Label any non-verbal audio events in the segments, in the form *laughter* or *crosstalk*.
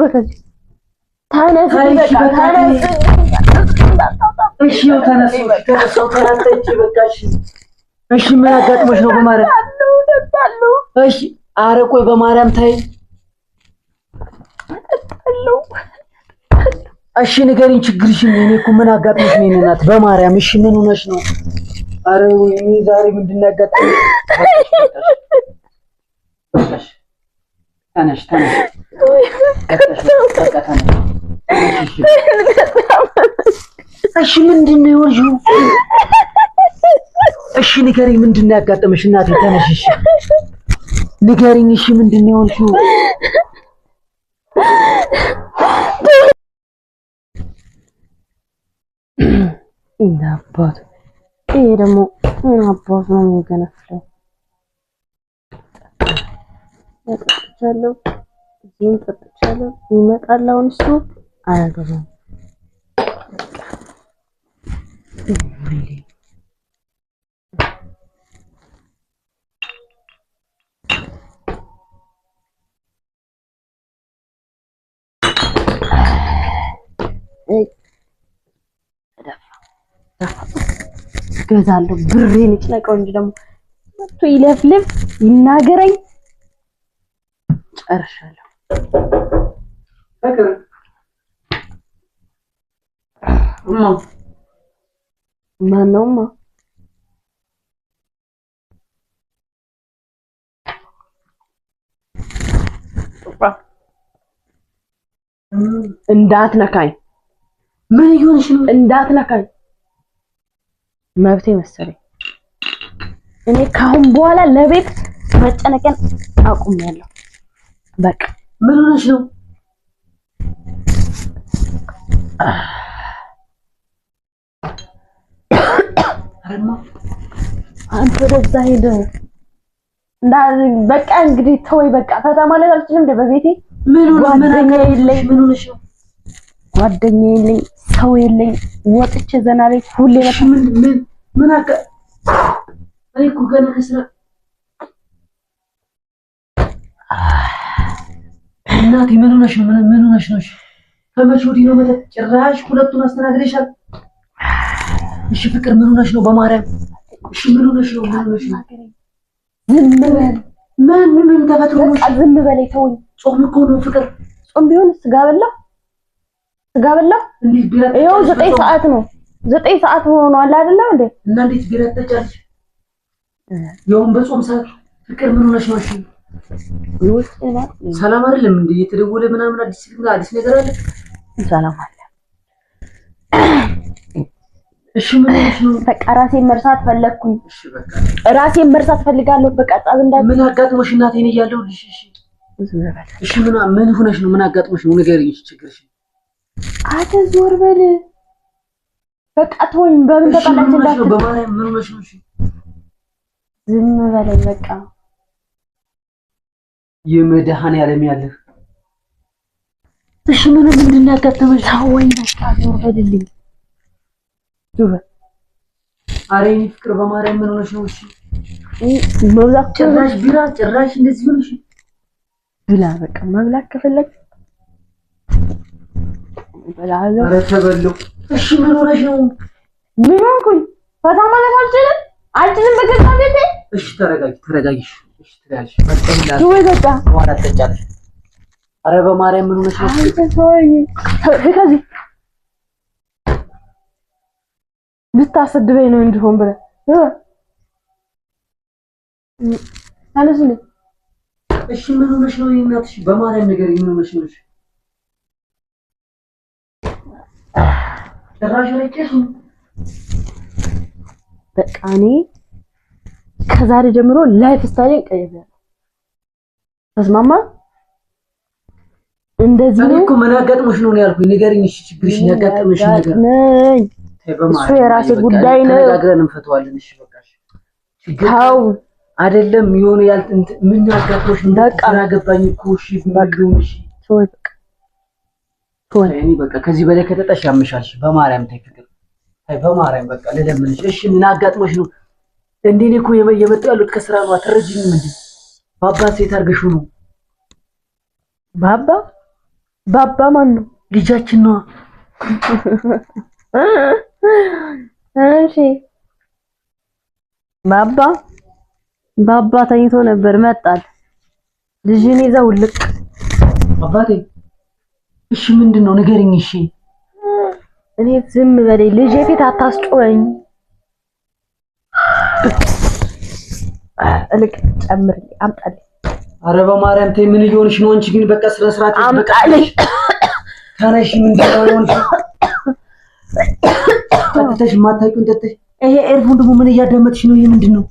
በቃ ተነስ፣ እሺ ምን አጋጥሞሽ ነው? በማርያም እሺ። ኧረ ቆይ በማርያም ታይ። እሺ ንገሪኝ ችግርሽን። እኔ እኮ ምን አጋጥሞሽ ነው? እናት በማርያም እሺ፣ ምን ሆነሽ ነው? ኧረ ወይኔ ዛሬ ምንድን ነው ያጋጥመሽ? ተነሽ፣ ተነሽ እሺ ምንድን ነው የወልጂው? እሺ ንገሪኝ፣ ምንድን ነው ያጋጠመሽ? እናቴ ተነሽ፣ እሺ ንገሪኝ። እሺ ምንድን ነው የወልጂው? እና አባቱ ይሄ ደግሞ ምን አባቱ ነው የሚገነፍለው? ጠጥቻለሁ፣ እዚህም ጠጥቻለሁ አይቻልም። ይመጣል አሁን እሱ አያገባም። ገዛለሁ ብሬን ይጭነቀው እንጂ ደግሞ መቶ ይለፍልፍ ይናገረኝ። ጨርሻለሁ። ፍቅር እማ ማን ነው? እማ እንዳትነካኝ። ምን እየሆንሽ ነው? እንዳትነካኝ መብቴ መሰለኝ። እኔ ካሁን በኋላ ለቤት መጨነቅን አቁሜያለሁ። በቃ ምን ሆነሽ ነው? አረማ አንተ ወደዛ ሄደ እንዳ በቃ እንግዲህ ተወይ በቃ ፈታ ማለት አልችልም። እንደ በቤቴ ምን ሆነ ምን ነገር የለኝ። ምን ሆነሽ ነው? ጓደኛ የለኝ፣ ሰው የለኝ። ወጥቼ ዘና ላይ ሁሌ በቃ ምን ምን ምን እኔ እኮ ገና ከስራ እናቴ ምን ሆነሽ ነው? ምን ሆነሽ ነው? ከመቼ ወዲህ ነው መጠጥ? ጭራሽ ሁለቱን አስተናግደሻል። እሺ ፍቅር ምን ሆነሽ ነው? በማርያም እሺ ምን ሆነሽ ነው? ምን ሆነሽ ነው? ዝም ምን ምን ተፈጥሮ ነው? ዝም በል። ተወኝ። ጾም እኮ ነው ፍቅር። ጾም ቢሆን ስጋ በላ ስጋ በላ። ይኸው ዘጠኝ ሰዓት ነው። ዘጠኝ ሰዓት አለ አይደለ እንዴ? እና እንዴት ቢረጠጫለሽ? ይኸውም በጾም ሰዓት ፍቅር ምን ሆነሽ ነው? ሰላም አይደለም እንዴ? የተደወለ ምናምን አዲስ አዲስ ነገር አለ? ሰላም አለ። እሺ ምን ነው? በቃ ራሴን መርሳት ፈለግኩኝ። እሺ በቃ ራሴን መርሳት ፈልጋለሁ። በቃ ጻብ እንዳት ምን አጋጥሞሽ እናቴ? እኔ እያለሁ እሺ፣ እሺ፣ እሺ ምን ምን ሆነሽ ነው? ምን አጋጥሞሽ ነው? ንገሪኝ። እሺ ችግርሽ። አተ ዞር በል በቃ ተወኝ። በምን ተጣላችሁ? እንዳት ምን ሆነሽ ነው? እሺ ዝም በለኝ በቃ የመድኃኔዓለም ያለህ እሺ፣ ምን ምንድን ነው ያጋጠመሽ? ወይ ወረድልኝ። ኧረ የእኔ ፍቅር በማርያም ምን ሆነሽ ነው? መብላት ጭራሽ ቢራ ጭራሽ እንደዚህ ሆነሽ ብላ። በቃ መብላት ከፈለግሽ እበላለሁ። ኧረ ተበለው። እሺ፣ ምን ሆነሽ ነው? ምን ሆንኩኝ? ፈታ ማለት አልችልም አልችልም። በገዛ ቤቴ። እሺ፣ ተረጋጊ ተረጋጊ። ኧረ በማርያም ምን ሆነሽ ነው? ከዚህ ልታሰድበኝ ነው እንዲሆን ብለህ እሺ፣ ምን ሆነሽ ነው? እናትሽ በማርያም ነገር ምን ሆነሽ ነው? ጭራሽ በቃ እኔ ከዛሬ ጀምሮ ላይፍ ስታይልን ቀይሬያለሁ። ተስማማ። እንደዚህ ነው እኮ ምን አጋጥሞሽ ነው ያልኩኝ። ንገሪኝ፣ እሺ፣ ችግርሽ ያጋጥመሽ ነገር እሱ የራሴ ጉዳይ ነው። ተነጋግረን እንፈተዋለን። እሺ፣ በቃሽ። ችግርው አይደለም የሆነ ያልጥንት ምን ያጋጥሞሽ ነው? በቃ አገባኝ እኮ እሺ፣ ባግሩም እሺ፣ ተወቅ ተወቅ። እኔ በቃ ከዚህ በላይ ከተጠሽ ያምሻልሽ። በማርያም ተይ፣ ፍቅር ተይ፣ በማርያም በቃ ልለምንሽ። እሺ፣ ምን አጋጥሞሽ ነው? እንዴ እኔ እኮ የመጡ ያሉት ከስራ ነው። አትረጅኝ እንዴ ባባ ሴት አድርገሽ ነው። ባባ ባባ ማን ነው? ልጃችን ነው። እሺ ባባ ባባ ተኝቶ ነበር መጣል ልጅን ይዘው ልቅ አባቴ እሺ ምንድን ነው ንገሪኝ። እሺ እኔ ዝም በለኝ ልጄ ፊት አታስጮኸኝ። እልቅ ጨምር አምጣልኝ። ኧረ በማርያም ተይ፣ ምን እየሆንሽ ነው አንቺ? ግን በቃ ስነ ስርዓት አምጣልኝ። ተነሽ፣ ምን እንደሆነሽ ጠጥተሽ የማታውቂውን ጠጥተሽ። ይሄ ኤርፎን ደግሞ ምን እያዳመጥሽ ነው? ይሄ ምንድን ነው?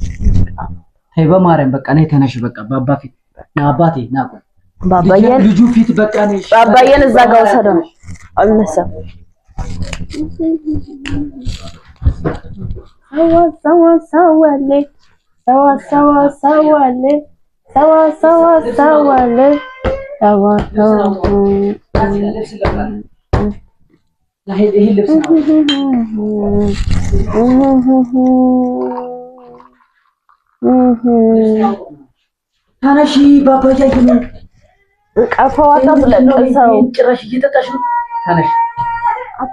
ተይ በማርያም በቃ ነይ፣ ተነሽ። በቃ በአባ ፊት ና፣ አባቴ ና፣ ቆይ ባባዬን ልጁ ፊት በቃ ነሽ። ባባዬን እዛ ጋር ወሰደው ነው አልነሳም ተነሺ ባባጃጅ ነው ቀፈዋ ተብለቅሰው ጭራሽ እየጠጣሽ ነው። ተነሺ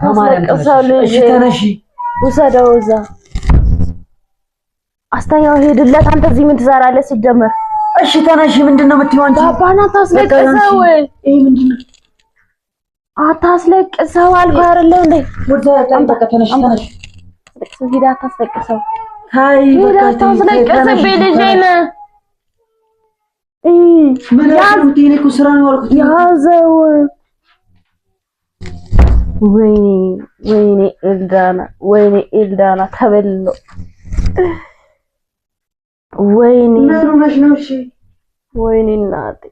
ተማሪያም ቀሰው ልጅ ተነሺ ውሰደው እዛ አስተያየው ሄድለት። አንተ እዚህ ምን ትሰራለህ? ሲጀመር እሺ ተነሽ። ምንድነው የምትይው አንቺ? ባባና ታስለቅሰው። ይሄ ምንድነው? አታስለቅሰው አልኩህ አይደለ እንዴ? ወደ አታስለቅሰው። ወይኔ ኤልዳና፣ ወይኔ ኤልዳና ተበለው ወይኔ ምን ሆነሽ ነው? እሺ ወይኔ እናቴ፣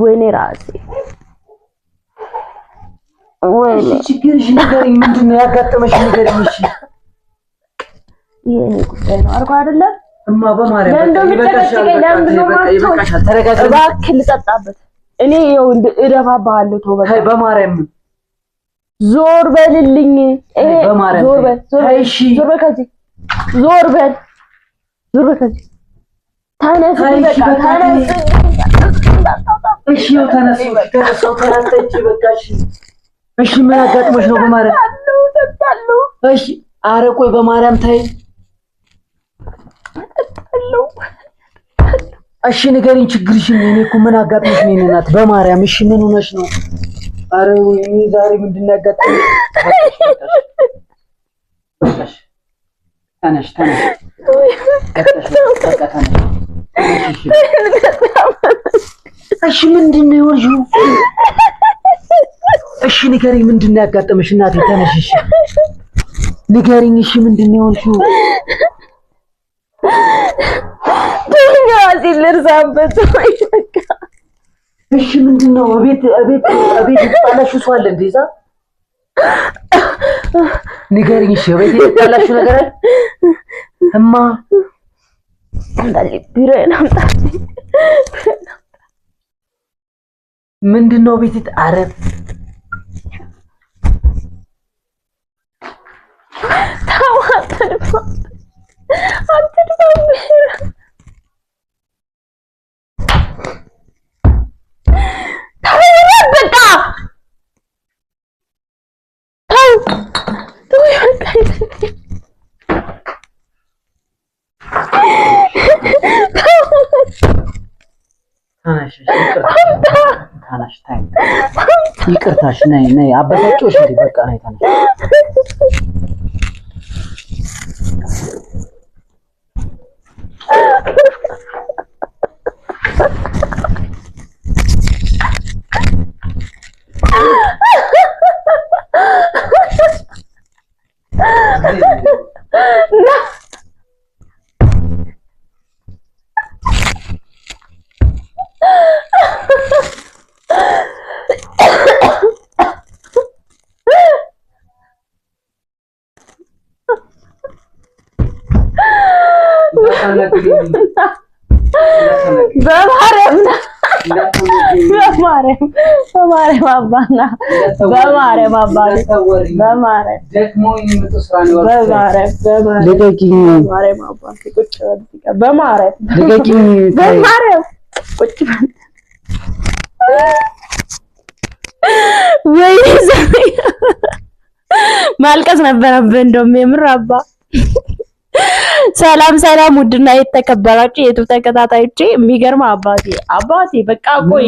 ወይኔ ራሴ፣ ወይኔ ችግርሽ ንገሪኝ። ምንድን ነው ያጋጠመሽ? ንገሪኝ። እሺ የእኔ ጉዳይ ነው አልኩህ አይደለ? እማ በማርያም ይበቃሻል፣ እባክህ። ልጠጣበት እኔ ይኸው እደፋብሃለሁ። ተው በቃ በማርያም ዞር በልልኝ። ይሄ ዞር በል፣ ዞር በል ከዚህ ዞር በል ዞር በል እሺ ምን አጋጥሞሽ ነው? በማርያም እሺ። ኧረ ቆይ በማርያም ታይ። እሺ ንገሪኝ ችግርሽን። እኔ እኮ ምን አጋጥሞሽ ነው? እናት በማርያም እሺ፣ ምን ሆነሽ ነው? ኧረ ዛሬ ምንድን ነው ያጋጥመሽ? ተነሽ ተነሽ፣ እሺ ምንድን ነው የወልሽው? እሺ ንገሪኝ፣ ምንድን ነው ያጋጠመሽ እናቴ? ተነሽ፣ እሺ ንገሪኝ። እሺ ምንድን ነው የወልሽው? እሺ ምንድን ነው? እቤት እቤት እቤት ባለሽው ሰው አለ እንደዛ ንገሪኝ። እሺ ቤት የጠላችሁ ነገር አለ? እማ ምንድን ነው ቤት? አረ ታናሽ ታይም ይቅርታሽ ነይ ነይ አበሳጮሽ እንዴ በቃ ነይ ታናሽ በማርያም በማርያም በማርያም አባና በማርያም አባና በማርያም ደክሞኝ ማልቀስ ነበረብህ እንደውም የምር አባ ሰላም ሰላም፣ ውድና የተከበራችሁ የቱ ተከታታዮቼ፣ የሚገርም አባቴ አባቴ በቃ እኮ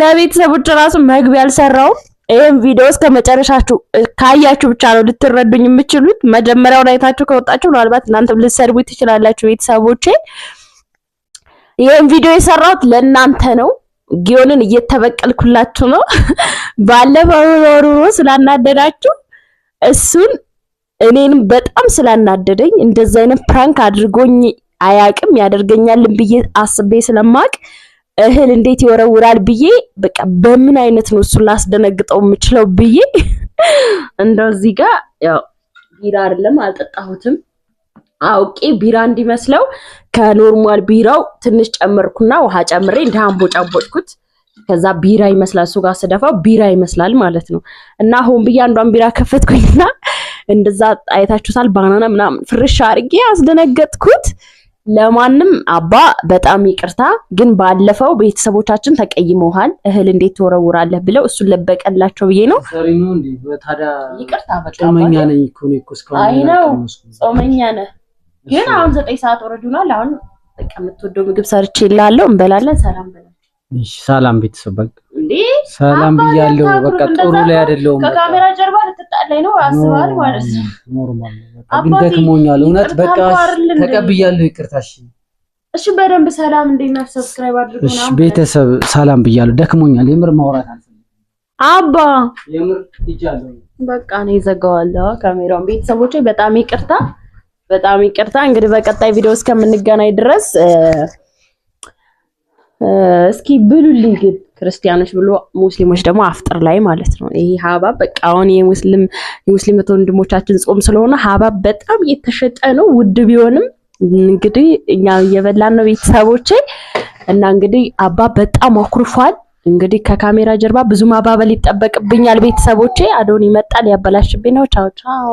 ለቤተሰቦች ራሱ መግቢያ አልሰራውም። ይህም ቪዲዮ እስከ መጨረሻችሁ ካያችሁ ብቻ ነው ልትረዱኝ የምችሉት። መጀመሪያውን አይታችሁ ከወጣችሁ ምናልባት እናንተም ልትሰድቡኝ ትችላላችሁ። ቤተሰቦቼ ይህም ቪዲዮ የሰራሁት ለእናንተ ነው። ጊዮንን እየተበቀልኩላችሁ ነው። ባለፈው ሮሮ ስላናደዳችሁ እሱን እኔንም በጣም ስላናደደኝ እንደዚህ አይነት ፕራንክ አድርጎኝ አያቅም ያደርገኛልን ብዬ አስቤ ስለማቅ እህል እንዴት ይወረውራል ብዬ በቃ በምን አይነት ነው እሱን ላስደነግጠው የምችለው ብዬ *laughs* እንደው እዚህ ጋር ያው ቢራ አይደለም አልጠጣሁትም አውቄ ቢራ እንዲመስለው ከኖርማል ቢራው ትንሽ ጨመርኩና ውሃ ጨምሬ እንደ አምቦ ጫቦጭኩት ከዛ ቢራ ይመስላል እሱ ጋር ስደፋው ቢራ ይመስላል ማለት ነው። እና ሆን ብዬ አንዷን ቢራ ከፈትኩኝና እንደዛ አይታችሁታል፣ ባናና ምናምን ፍርሻ አድርጌ አስደነገጥኩት። ለማንም አባ በጣም ይቅርታ ግን ባለፈው ቤተሰቦቻችን ተቀይመውሃል፣ እህል እንዴት ትወረውራለህ ብለው እሱን ለበቀላቸው ብዬ ነው። ጾመኛ ነኝ ነው ጾመኛ ነህ፣ ግን አሁን ዘጠኝ ሰዓት ወረዱናል። አሁን በቃ የምትወደው ምግብ ሰርቼ እላለሁ፣ እንበላለን። ሰላም በላ እሺ ሰላም ቤተሰብ፣ በቃ እንዴ ሰላም ብያለሁ። በቃ ጥሩ ላይ አይደለሁም። ከካሜራ ጀርባ ልትጣላኝ ነው አስባል ማለት ነው። ኖርማል ግን ደክሞኛል። እውነት በቃ ተቀብያለሁ። ይቅርታሽ። እሺ በደንብ ሰላም እንደና ሰብስክራይብ አድርጉና እሺ ቤተሰብ ሰላም ብያለሁ። ደክሞኛል። የምር ማውራት አልፈልግም። አባ በቃ ነው ይዘጋዋለሁ ካሜራውን። ቤተሰቦች በጣም ይቅርታ፣ በጣም ይቅርታ። እንግዲህ በቀጣይ ቪዲዮ እስከምንገናኝ ድረስ እስኪ ብሉልኝ ግን ክርስቲያኖች ብሎ ሙስሊሞች ደግሞ አፍጥር ላይ ማለት ነው። ይሄ ሀባብ በቃ አሁን የሙስሊም የሙስሊም ወንድሞቻችን ጾም ስለሆነ ሀባብ በጣም የተሸጠ ነው፣ ውድ ቢሆንም እንግዲህ እኛ እየበላን ነው ቤተሰቦቼ። እና እንግዲህ አባ በጣም አኩርፏል። እንግዲህ ከካሜራ ጀርባ ብዙ ማባበል ይጠበቅብኛል ቤተሰቦቼ። አዶን ይመጣል፣ ያበላሽብኝ ነው። ቻው ቻው።